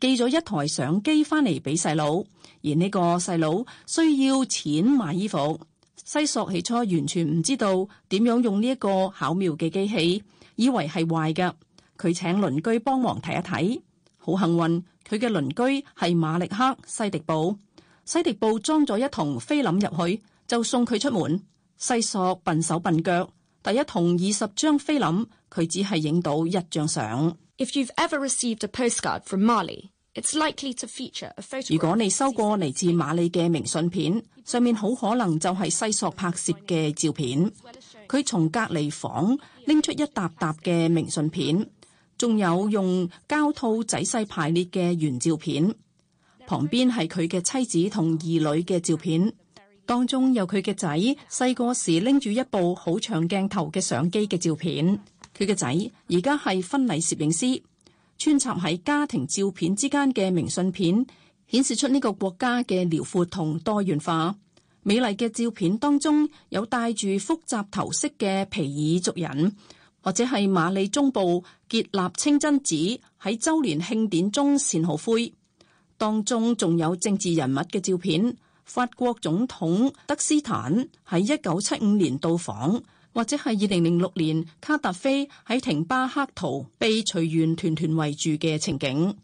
寄咗一台相機翻嚟俾細佬，而呢個細佬需要錢買衣服。西索起初完全唔知道點樣用呢一個巧妙嘅機器，以為係壞嘅。佢請鄰居幫忙睇一睇，好幸運，佢嘅鄰居係馬力克西迪布。西迪布裝咗一桶菲林入去，就送佢出門。西索笨手笨腳。第一同二十張菲林，佢只係影到一張相。如果你收過嚟自馬里嘅明信片，上面好可能就係西索拍攝嘅照片。佢從隔離房拎出一沓沓嘅明信片，仲有用膠套仔細排列嘅原照片。are 旁邊係佢嘅妻子同兒女嘅照片。當中有佢嘅仔細個時拎住一部好長鏡頭嘅相機嘅照片，佢嘅仔而家係婚禮攝影師。穿插喺家庭照片之間嘅明信片，顯示出呢個國家嘅遼闊同多元化。美麗嘅照片當中有戴住複雜頭飾嘅皮爾族人，或者係馬里中部結納清真寺喺周年慶典中善號灰。當中仲有政治人物嘅照片。法國總統德斯坦喺一九七五年到訪，或者係二零零六年卡達菲喺廷巴克圖被隨員團團圍住嘅情景。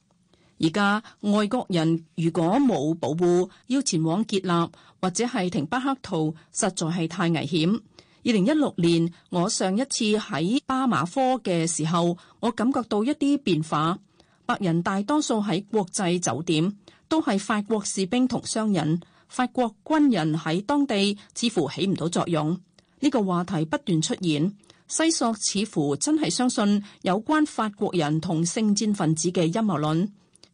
而家外國人如果冇保護，要前往傑納或者係廷巴克圖，實在係太危險。二零一六年我上一次喺巴馬科嘅時候，我感覺到一啲變化。白人大多數喺國際酒店，都係法國士兵同商人。法國軍人喺當地似乎起唔到作用，呢個話題不斷出現。西索似乎真係相信有關法國人同聖戰分子嘅陰謀論。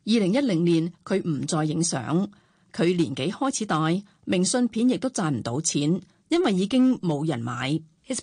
二零一零年，佢唔再影相，佢年紀開始大，明信片亦都賺唔到錢，因為已經冇人買。佢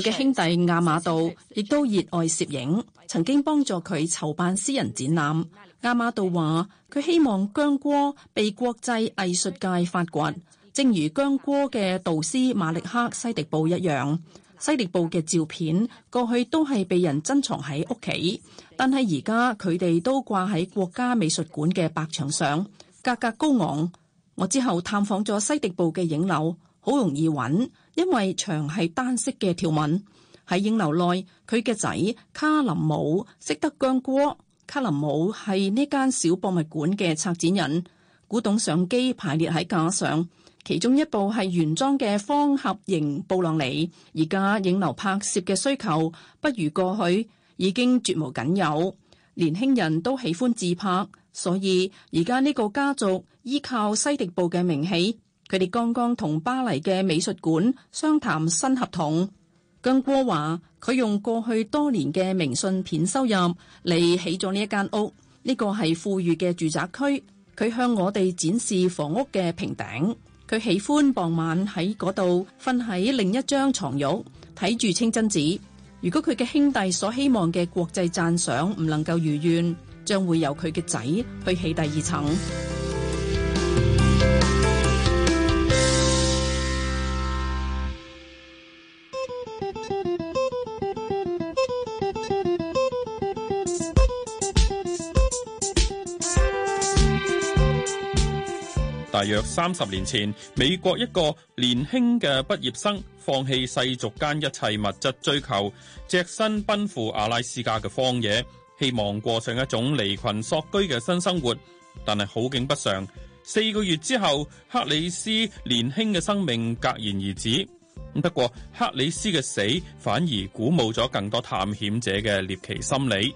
嘅兄弟亞馬道亦都熱愛攝影，曾經幫助佢籌辦私人展覽。阿馬杜話：佢希望姜戈被國際藝術界發掘，正如姜戈嘅導師馬力克西迪布一樣。西迪布嘅照片過去都係被人珍藏喺屋企，但係而家佢哋都掛喺國家美術館嘅白牆上，價格高昂。我之後探訪咗西迪布嘅影樓，好容易揾，因為牆係單色嘅條紋。喺影樓內，佢嘅仔卡林姆識得姜戈。卡林姆係呢間小博物館嘅策展人，古董相機排列喺架上，其中一部係原裝嘅方盒型布朗尼。而家影樓拍攝嘅需求不如過去，已經絕無僅有。年輕人都喜歡自拍，所以而家呢個家族依靠西迪布嘅名氣，佢哋剛剛同巴黎嘅美術館商談新合同。姜哥話。佢用過去多年嘅明信片收入嚟起咗呢一間屋，呢個係富裕嘅住宅區。佢向我哋展示房屋嘅平頂。佢喜歡傍晚喺嗰度瞓喺另一張床褥，睇住清真寺。如果佢嘅兄弟所希望嘅國際讚賞唔能夠如願，將會由佢嘅仔去起第二層。大約三十年前，美國一個年輕嘅畢業生放棄世俗間一切物質追求，隻身奔赴阿拉斯加嘅荒野，希望過上一種離群索居嘅新生活。但係好景不常，四個月之後，克里斯年輕嘅生命戛然而止。不過，克里斯嘅死反而鼓舞咗更多探險者嘅獵奇心理。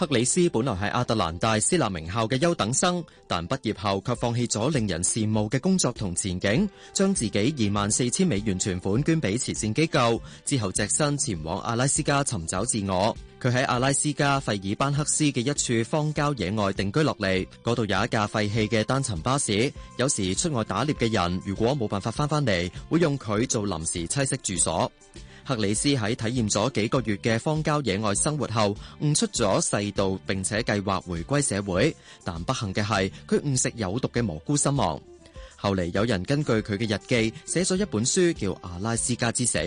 克里斯本來係亞特蘭大私立名校嘅優等生，但畢業後卻放棄咗令人羨慕嘅工作同前景，將自己二萬四千美元存款捐俾慈善機構，之後隻身前往阿拉斯加尋找自我。佢喺阿拉斯加費爾班克斯嘅一處荒郊野外定居落嚟，嗰度有一架廢棄嘅單層巴士，有時出外打獵嘅人如果冇辦法翻返嚟，會用佢做臨時棲息住所。克里斯喺體驗咗幾個月嘅荒郊野外生活後，悟出咗世道，並且計劃回歸社會，但不幸嘅係，佢誤食有毒嘅蘑菇身亡。後嚟有人根據佢嘅日記寫咗一本書，叫《阿拉斯加之死》。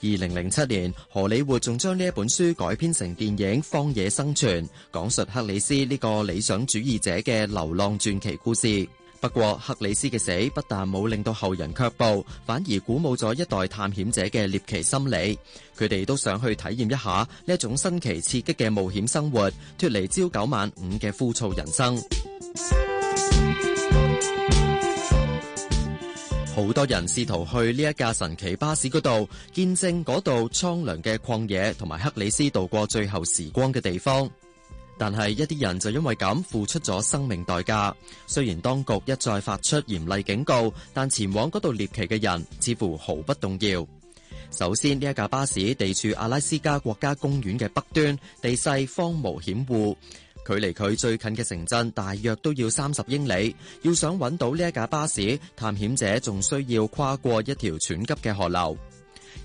二零零七年，荷里活仲將呢一本書改編成電影《荒野生存》，講述克里斯呢個理想主義者嘅流浪傳奇故事。不過克里斯嘅死不但冇令到後人卻步，反而鼓舞咗一代探險者嘅獵奇心理。佢哋都想去體驗一下呢一種新奇刺激嘅冒險生活，脫離朝九晚五嘅枯燥人生。好多人試圖去呢一架神奇巴士嗰度，見證嗰度蒼涼嘅曠野同埋克里斯度過最後時光嘅地方。但係一啲人就因為咁付出咗生命代價。雖然當局一再發出嚴厲警告，但前往嗰度獵奇嘅人似乎毫不動搖。首先，呢一架巴士地處阿拉斯加國家公園嘅北端，地勢荒蕪險戶，距離佢最近嘅城鎮大約都要三十英里。要想搵到呢一架巴士，探險者仲需要跨過一條湍急嘅河流。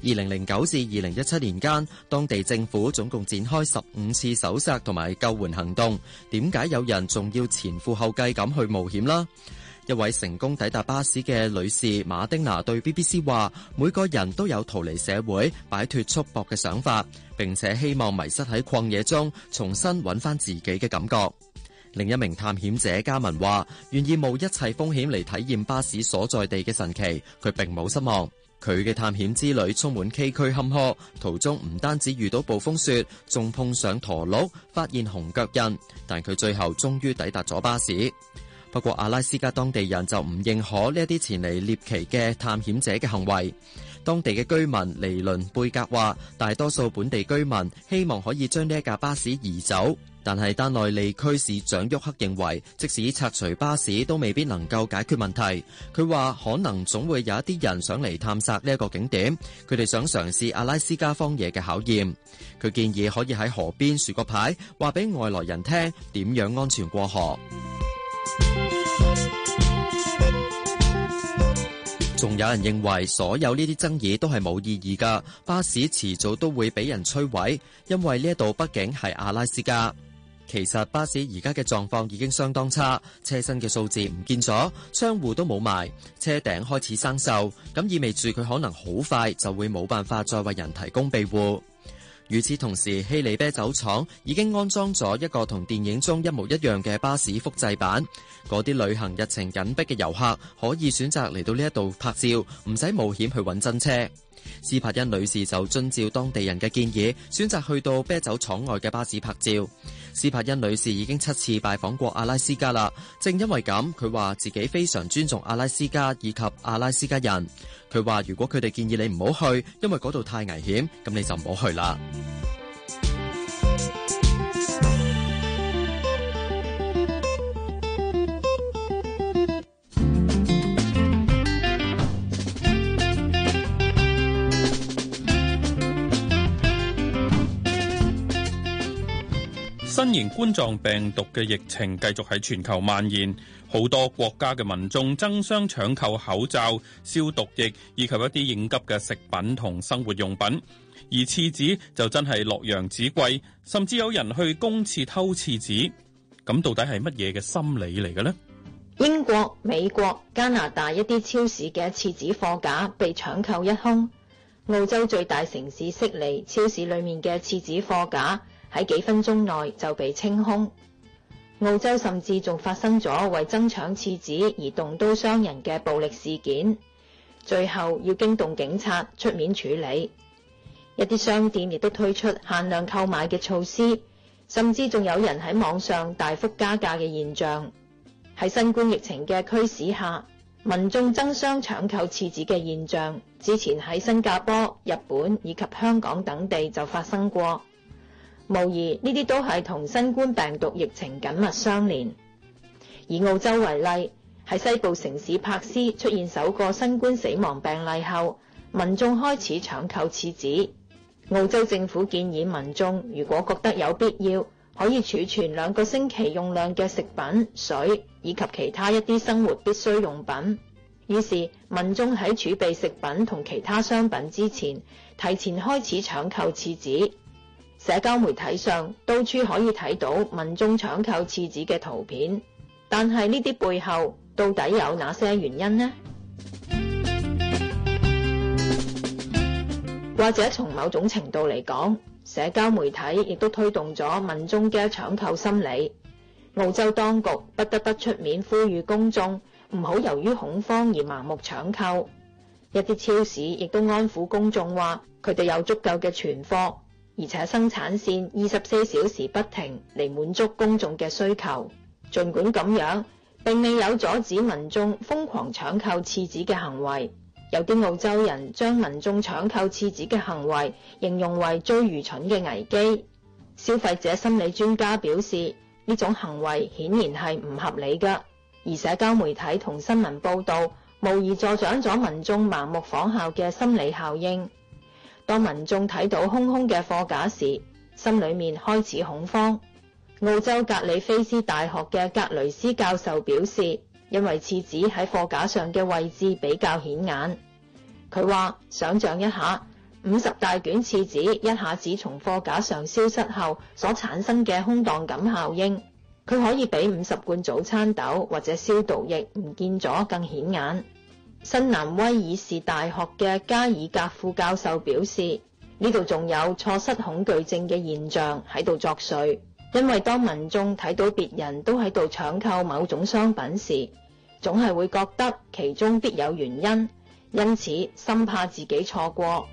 二零零九至二零一七年間，當地政府總共展開十五次搜索同埋救援行動。點解有人仲要前赴後繼咁去冒險啦？一位成功抵達巴士嘅女士馬丁娜對 BBC 話：每個人都有逃離社會、擺脫束縛嘅想法，並且希望迷失喺曠野中，重新揾翻自己嘅感覺。另一名探險者嘉文話：願意冒一切風險嚟體驗巴士所在地嘅神奇，佢並冇失望。佢嘅探險之旅充滿崎嶇坎坷，途中唔單止遇到暴風雪，仲碰上駝鹿，發現熊腳印。但佢最後終於抵達咗巴士。不過阿拉斯加當地人就唔認可呢一啲前嚟獵奇嘅探險者嘅行為。當地嘅居民尼倫貝格話，大多數本地居民希望可以將呢一架巴士移走。但係丹內利區市長沃克認為，即使拆除巴士都未必能夠解決問題。佢話可能總會有一啲人上嚟探索呢一個景點，佢哋想嘗試阿拉斯加荒野嘅考驗。佢建議可以喺河邊豎個牌，話俾外來人聽點樣安全過河。仲有人認為所有呢啲爭議都係冇意義噶，巴士遲早都會俾人摧毀，因為呢一度畢竟係阿拉斯加。其實巴士而家嘅狀況已經相當差，車身嘅數字唔見咗，窗戶都冇埋，車頂開始生鏽，咁意味住佢可能好快就會冇辦法再為人提供庇護。與此同時，希利啤酒廠已經安裝咗一個同電影中一模一樣嘅巴士複製版，嗰啲旅行日程緊迫嘅遊客可以選擇嚟到呢一度拍照，唔使冒險去揾真車。斯帕恩女士就遵照當地人嘅建議，選擇去到啤酒廠外嘅巴士拍照。斯帕恩女士已經七次拜訪過阿拉斯加啦，正因為咁，佢話自己非常尊重阿拉斯加以及阿拉斯加人。佢話如果佢哋建議你唔好去，因為嗰度太危險，咁你就唔好去啦。新型冠狀病毒嘅疫情繼續喺全球蔓延，好多國家嘅民眾爭相搶購口罩、消毒液以及一啲應急嘅食品同生活用品。而廁紙就真係洛陽紙貴，甚至有人去公廁偷廁紙。咁到底係乜嘢嘅心理嚟嘅呢？英國、美國、加拿大一啲超市嘅廁紙貨架被搶購一空。澳洲最大城市悉尼超市裏面嘅廁紙貨架。喺幾分鐘內就被清空。澳洲甚至仲發生咗為爭搶廁紙而動刀傷人嘅暴力事件，最後要驚動警察出面處理。一啲商店亦都推出限量購買嘅措施，甚至仲有人喺網上大幅加價嘅現象。喺新冠疫情嘅驅使下，民眾爭相搶購廁紙嘅現象，之前喺新加坡、日本以及香港等地就發生過。無疑呢啲都係同新冠病毒疫情緊密相連。以澳洲為例，喺西部城市珀斯出現首個新冠死亡病例後，民眾開始搶購廁紙。澳洲政府建議民眾如果覺得有必要，可以儲存兩個星期用量嘅食品、水以及其他一啲生活必需用品。於是民眾喺儲備食品同其他商品之前，提前開始搶購廁紙。社交媒體上到處可以睇到民眾搶購厠紙嘅圖片，但係呢啲背後到底有哪些原因呢？ 或者從某種程度嚟講，社交媒體亦都推動咗民眾嘅搶購心理。澳洲當局不得不出面呼籲公眾唔好由於恐慌而盲目搶購，一啲超市亦都安撫公眾話佢哋有足夠嘅存貨。而且生產線二十四小時不停嚟，滿足公眾嘅需求。儘管咁樣並未有阻止民眾瘋狂搶購廁紙嘅行為，有啲澳洲人將民眾搶購廁紙嘅行為形容為最愚蠢嘅危機，消費者心理專家表示，呢種行為顯然係唔合理噶，而社交媒體同新聞報道無疑助長咗民眾盲目仿效嘅心理效應。當民眾睇到空空嘅貨架時，心裏面開始恐慌。澳洲格里菲斯大學嘅格雷斯教授表示，因為廁紙喺貨架上嘅位置比較顯眼，佢話想象一下，五十大卷廁紙一下子從貨架上消失後所產生嘅空蕩感效應，佢可以比五十罐早餐豆或者消毒液唔見咗更顯眼。新南威爾士大學嘅加爾格副教授表示，呢度仲有錯失恐懼症嘅現象喺度作祟，因為當民眾睇到別人都喺度搶購某種商品時，總係會覺得其中必有原因，因此心怕自己錯過。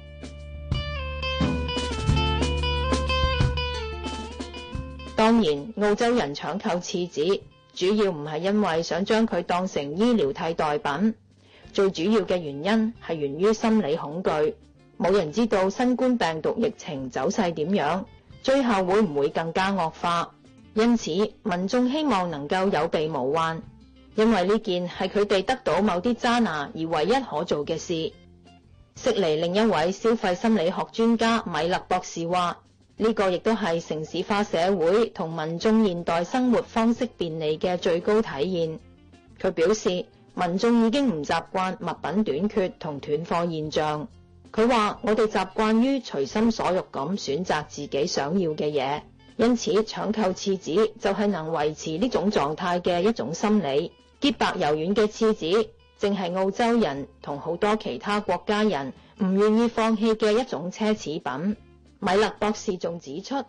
當然，澳洲人搶購廁紙主要唔係因為想將佢當成醫療替代品。最主要的原因是源於心理恐懼，冇人知道新冠病毒疫情走勢點樣，最後會不會更加惡化？因此，民眾希望能夠有備無患，因為呢件是佢哋得到某些揸拿而唯一可做的事。悉尼另一位消費心理學專家米勒博士話，呢個亦都是城市化社會同民眾現代生活方式便利的最高體現。佢表示，民眾已經唔習慣物品短缺同斷貨現象。佢話：我哋習慣於隨心所欲咁選擇自己想要嘅嘢，因此搶購廁紙就係能維持呢種狀態嘅一種心理。潔白柔軟嘅廁紙，正係澳洲人同好多其他國家人唔願意放棄嘅一種奢侈品。米勒博士仲指出，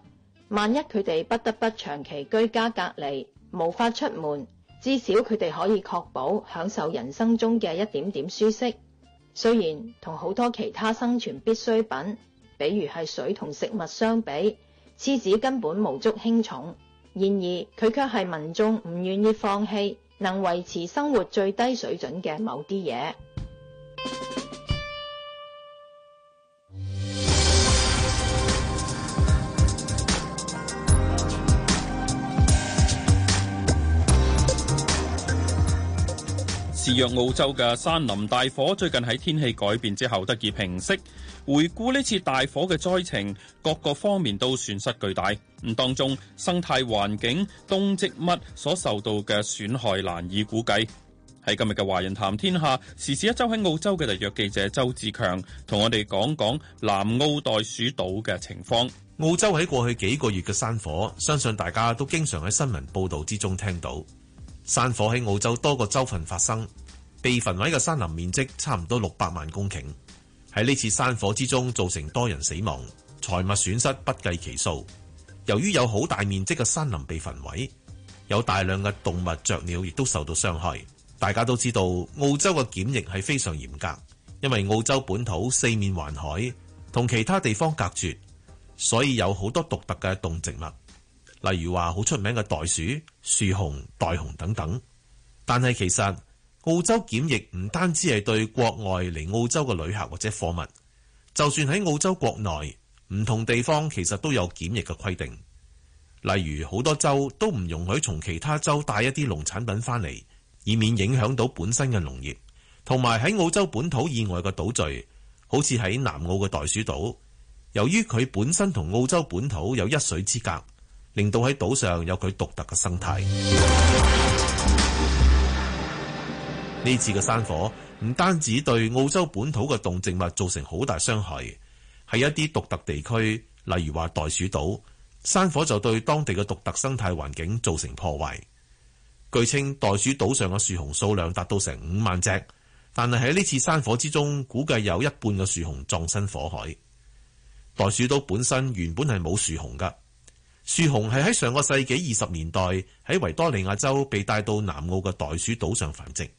萬一佢哋不得不長期居家隔離，無法出門。至少佢哋可以確保享受人生中嘅一點點舒適。雖然同好多其他生存必需品，比如係水同食物相比，廁紙根本無足輕重。然而佢卻係民眾唔願意放棄能維持生活最低水準嘅某啲嘢。肆虐澳洲嘅山林大火，最近喺天氣改變之後得以平息。回顧呢次大火嘅災情，各個方面都損失巨大。咁當中生態環境、動植物所受到嘅損害難以估計。喺今日嘅華人談天下，時事一周喺澳洲嘅特約記者周志強同我哋講講南澳袋鼠島嘅情況，澳洲喺過去幾個月嘅山火，相信大家都經常喺新聞報道之中聽到。山火喺澳洲多個州份發生，被焚毀嘅山林面積差唔多六百萬公頃。喺呢次山火之中造成多人死亡，財物損失不計其數。由於有好大面積嘅山林被焚毀，有大量嘅動物、雀鳥亦都受到傷害。大家都知道澳洲嘅檢疫係非常嚴格，因為澳洲本土四面環海，同其他地方隔絕，所以有好多獨特嘅動植物。例如話好出名嘅袋鼠、樹熊、袋熊等等，但係其實澳洲檢疫唔單止係對國外嚟澳洲嘅旅客或者貨物，就算喺澳洲國內唔同地方，其實都有檢疫嘅規定。例如好多州都唔容許從其他州帶一啲農產品翻嚟，以免影響到本身嘅農業。同埋喺澳洲本土以外嘅島嶼，好似喺南澳嘅袋鼠島，由於佢本身同澳洲本土有一水之隔。令到喺島上有佢獨特嘅生態。呢次嘅山火唔單止對澳洲本土嘅動植物造成好大傷害，喺一啲獨特地區，例如話袋鼠島，山火就對當地嘅獨特生態環境造成破壞。據稱袋鼠島上嘅樹熊數量達到成五萬隻，但係喺呢次山火之中，估計有一半嘅樹熊葬身火海。袋鼠島本身原本係冇樹熊㗎。樹熊係喺上個世紀二十年代喺維多利亞州被帶到南澳嘅袋鼠島上繁殖，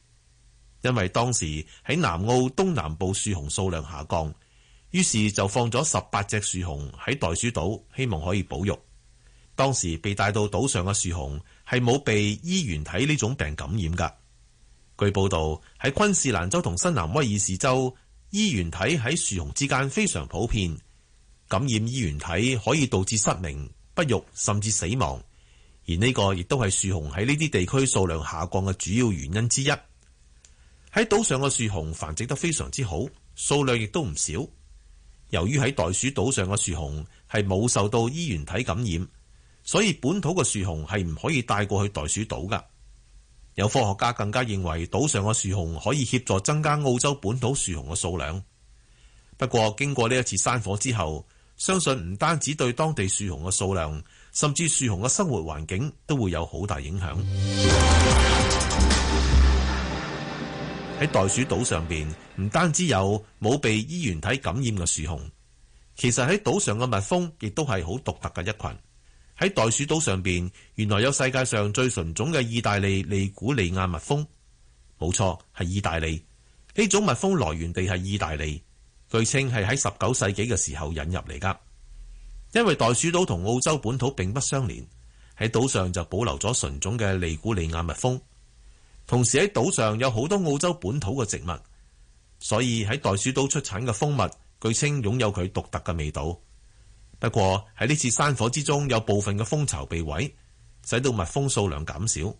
因為當時喺南澳東南部樹熊數量下降，於是就放咗十八隻樹熊喺袋鼠島，希望可以保育。當時被帶到島上嘅樹熊係冇被衣原體呢種病感染噶。據報道，喺昆士蘭州同新南威爾士州，衣原體喺樹熊之間非常普遍，感染衣原體可以導致失明。不育，甚至死亡，而呢個亦都係樹熊喺呢啲地區數量下降嘅主要原因之一。喺島上嘅樹熊繁殖得非常之好，數量亦都唔少。由於喺袋鼠島上嘅樹熊係冇受到衣原體感染，所以本土嘅樹熊係唔可以帶過去袋鼠島噶。有科學家更加認為島上嘅樹熊可以協助增加澳洲本土樹熊嘅數量。不過經過呢一次山火之後。相信唔單止對當地樹熊嘅數量，甚至樹熊嘅生活環境都會有好大影響。喺 袋鼠島上邊，唔單止有冇被衣原體感染嘅樹熊，其實喺島上嘅蜜蜂亦都係好獨特嘅一群。喺袋鼠島上邊，原來有世界上最純種嘅意大利利古利亞蜜蜂。冇錯，係意大利。呢種蜜蜂來源地係意大利。據稱係喺十九世紀嘅時候引入嚟噶，因為袋鼠島同澳洲本土並不相連，喺島上就保留咗純種嘅利古里亞蜜蜂。同時喺島上有好多澳洲本土嘅植物，所以喺袋鼠島出產嘅蜂蜜，據稱擁有佢獨特嘅味道。不過喺呢次山火之中，有部分嘅蜂巢被毀，使到蜜蜂數量減少。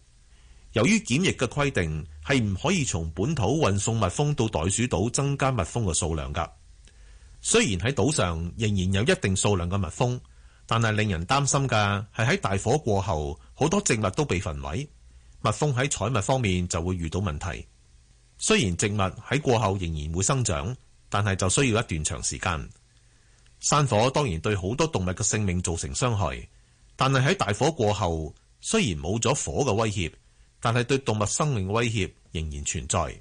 由於檢疫嘅規定係唔可以從本土運送蜜蜂蜂到袋鼠島增加蜜蜂嘅數量噶。雖然喺島上仍然有一定數量嘅蜜蜂，但係令人擔心嘅係喺大火過後，好多植物都被焚毀，蜜蜂喺採蜜方面就會遇到問題。雖然植物喺過後仍然會生長，但係就需要一段長時間。山火當然對好多動物嘅性命造成傷害，但係喺大火過後，雖然冇咗火嘅威脅，但係對動物生命嘅威脅仍然存在。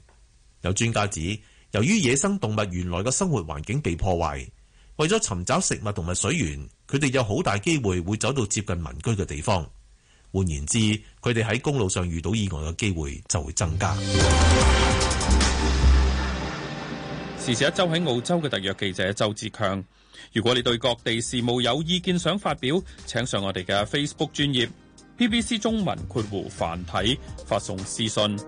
有專家指，由於野生動物原來嘅生活環境被破壞，為咗尋找食物同埋水源，佢哋有好大機會會走到接近民居嘅地方。換言之，佢哋喺公路上遇到意外嘅機會就會增加。時事一周喺澳洲嘅特約記者周志強。如果你對各地事務有意見想發表，請上我哋嘅 Facebook 專頁 BBC 中文括弧繁體發送私信。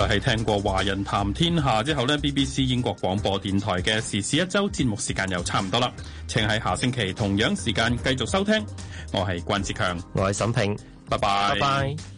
我係聽過華人談天下之後呢，BBC 英國廣播電台嘅時事一周節目時間又差唔多啦，請喺下星期同樣時間繼續收聽。我係關志強，我係沈平，拜拜 bye。Bye bye